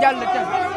jàll tam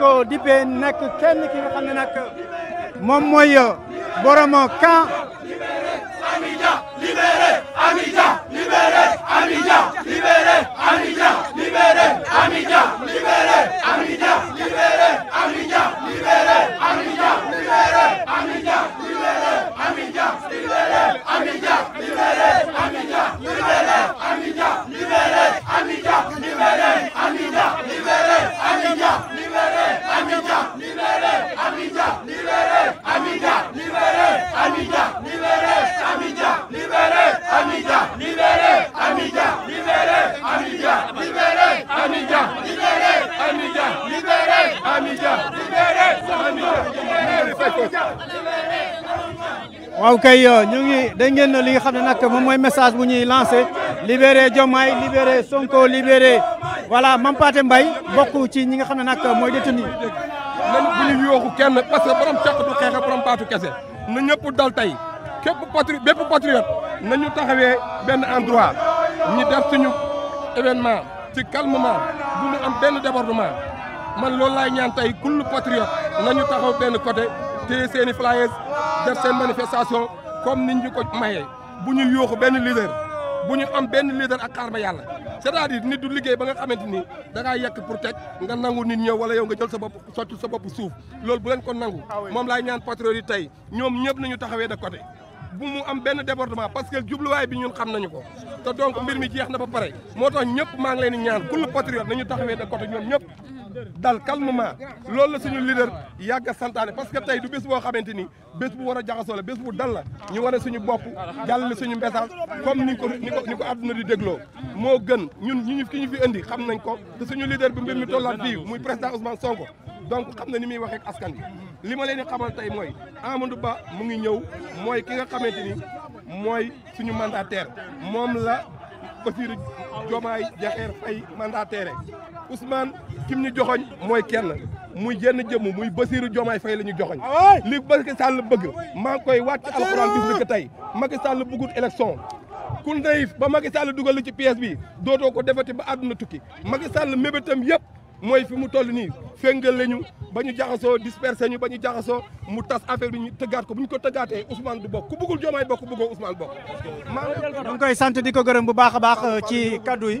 ko dippee nekk kenn ki nga xam ne nag moom mooy libéré, Amiga, libéré, Amiga, libéré, Amiga, libéré, Amiga, libéré, Amiga, libéré, Amiga, libéré, Amiga, libéré, Amiga, libéré, Amiga. libéré, amida libéré, li message bu ñuy lancer libéré libéré Sonko libéré voilà Mampate Mbaye bokku ci ñi nga xamné nañ bu ñu yooxu kenn parce que borom caq du xeex borom baatu kese na ñëpp dal tey képp patri bépp patriote nañu taxawee benn endroit ñi def suñu événement ci calmement bu ñu am benn débordement man loolu laay ñaan tey kullu patriote nañu taxaw benn côté téye seen i flyers def seen manifestation comme nit ñu ko mayee bu ñu yooxu benn leader bu ñu am benn leader ak xaar yàlla c'est-à-dire nit du liggéey ba nga xamante ni da ngaa yekk pour teg nga nangu nit ñëw wala yow nga jël sa bopp sotti sa bopp suuf loolu bu leen ko nangu ah moom laay ñaan patron tey ñoom ñëpp nañu taxawee de côté bu mu am benn débordement parce que jubluwaay bi ñun xam nañu ko te donc mbir mi jeex na ba pare moo tax ñëpp maa ngi leen di ñaan kullu patriote nañu taxawee de côté ñoom ñëpp dal calmement loolu la suñu leader yàgg santaane parce que tey du bés boo xamante ni bés bu war a jaxasoo la bés bu dal la ñu wane suñu bopp jàllale suñu message comme ni ko ni ko ni di dégloo moo gën ñun ñu ñu ki ñu fi xam nañ ko te suñu leader bi mbir mi tollaat fii muy président Ousmane Sonko donc xam na ni muy waxee ak askan bi li ma leen di xamal tey mooy Amadou Ba mu ngi ñëw mooy ki nga xamante ni mooy suñu mandataire moom la Bassirou Diomaye Diakhar Faye mandataire Ousmane kim ñu joxoñ mooy kenn muy jenn jëmm muy Bassirou Diomaye Faye la ñu joxoñ ah li Macky Sall bëgg maa ngi koy wàcc alxuraan bis ni que tey Macky Sall bëggut élection ku nayif ba Macky Sall dugal la ci pièce bi dootoo ko defati ba àdduna tukki Macky Sall mébétam yëpp mooy fi mu toll nii féngal lañu ba ñu jaxasoo dispersé ñu ba ñu jaxasoo mu tas affaire bi ñu tëggaat ko bu ñu ko tëggaatee Ousmane du bokk ku bëggul Diomaye bokk bëggoo Ousmane bokk maa koy sant di ko gërëm bu baax a baax euh, ci kaddu yi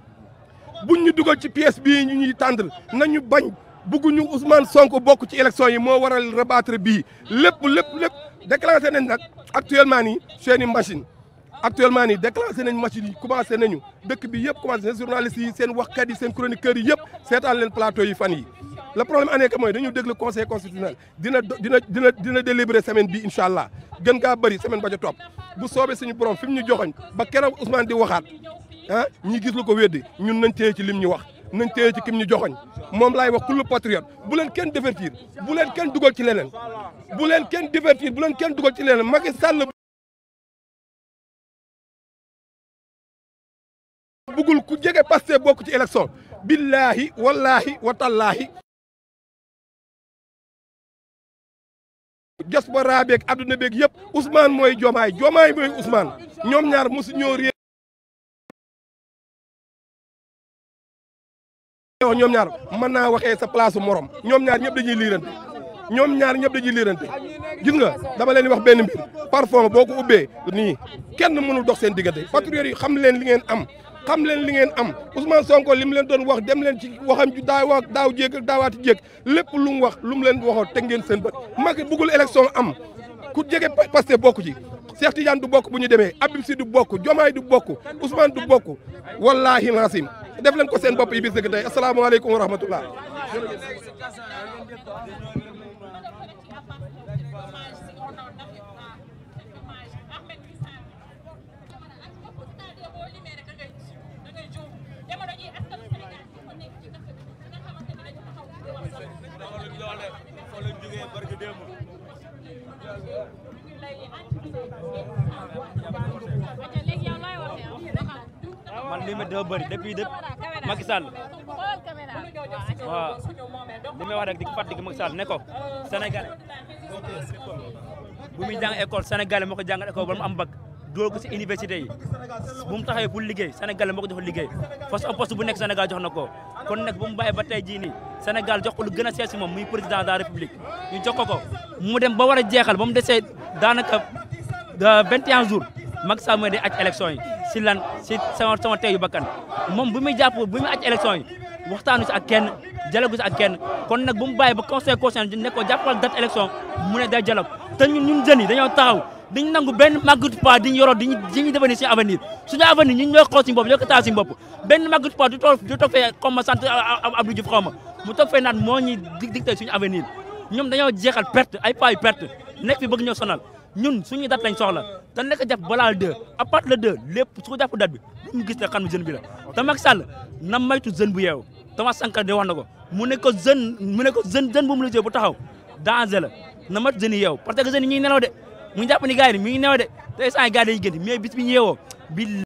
buñ ñu dugal ci pièce bii ñu ñuy tàndal nañu bañ bugguñu Ousmane sonk bokk ci élection yi moo waral rabattre bi lépp lépp lépp déclenché nañ nag actuellement nii seeni machine actuellement nii déclenché nañ machine yi commencé nañu dëkk bi yëpp commencé seen journalistes yi seen wax yi seen chroniqueurs yi yëpp seetaan leen plateau yi fan yi le problème année mooy dañu déglu conseil constitutionnel dina dina dina dina délibéré semaine bi incha allah gën ngaa bëri semaine ba ca bu soobee suñu borom fi ñu joxoñ ba keroog Ousmane di waxaat ah ñi gis lu ko weddi ñun nañ téye ci lim ñu wax nañ téye ci kim ñu joxoñ moom laay wax kullu patriote bu leen kenn divertir bu leen kenn dugal ci leneen bu leen kenn divertir bu leen kenn dugal ci leneen Macky Sall bëggul ku jege Pastef bokk ci élection billaahi wallaahi watallaahi diaspora beeg adduna beeg yëpp Ousmane mooy Diomaye Diomaye mooy Ousmane ñoom wax ñoom ñaar mana naa waxee sa place morom ñoom ñaar ñëpp dañuy liirante ñoom ñaar ñëpp dañuy liirante gis nga dama leen wax benn mbir parfois boo ko ubbee kenn mënul dox seen diggante patriotes yi xam leen li ngeen am xam leen li ngeen am Ousmane Sonko li mu leen doon wax dem leen ci waxam ju daawa daaw jéeg ak daawaati jéeg lépp lu mu wax lu mu leen waxoo teg ngeen seen bët Macky bëggul élection am ku jege Pastef bokk ci Cheikh Tidiane du bokk bu ñu demee Abib Sy du bokk du bokk Ousmane du bokk wallahi lancim def leen ko seen bopp yi bis dëgg tey asalaamaaleykum li mu dafa bëri depuis de Macky Sall waaw may wax rek di fàttali ko ne ko sénégalais bu muy jàng école sénégalais moo ko jàngal école ba mu am bac dugal ko si université yi bu mu taxawee pour liggéey sénégalais moo ko jox liggéey parce que poste bu nekk senegal jox na ko kon nekk bu mu bàyyi ba tey jii nii Sénégal jox ko lu gën a moom muy président de la république ñu jox ko ko mu dem ba war a jeexal ba mu desee daanaka 21 euh, jours mag Sall mooy day aj élection yi si lan si sama sama teeyu bakkan moom bu muy jàpp bu muy aj élection yi waxtaanu si ak kenn dialogue si ak kenn kon nag bu mu bàyyi ba conseil constitutionnel ne ko jàppal date élection mu ne day dialogue te ñun ñun jeunes yi dañoo taxaw dañu nangu benn maggut pas diñu yoroo diñu diñuy devenir suñu avenir suñu avenir ñun ñooy xool suñu bopp ñoo ko taal suñu bopp benn maggut pas du toog du toog fee xaw ma sant Abdou Diouf xaw ma mu toog fee naan moo ñuy dicté suñu avenir ñoom dañoo jeexal perte ay pas yu perte nekk fi sonal ñun suñu date lañ la te nekk jàpp balaa le 2 à part le 2 lépp su ko jàpp date bi ñu gis ne xam ne jeune bi la te Macky Sall na maytu jeune bu yeewu Thomas Sankara di wax na ko mu ne ko mu ne ko jeune jeune bu mu la bu taxaw danger la na mat jeune yi yeewu parce que jeune yi de mu jàpp ni gars yi mi ngi nelaw de te instant gars yi dañuy génn mais bis bi ñu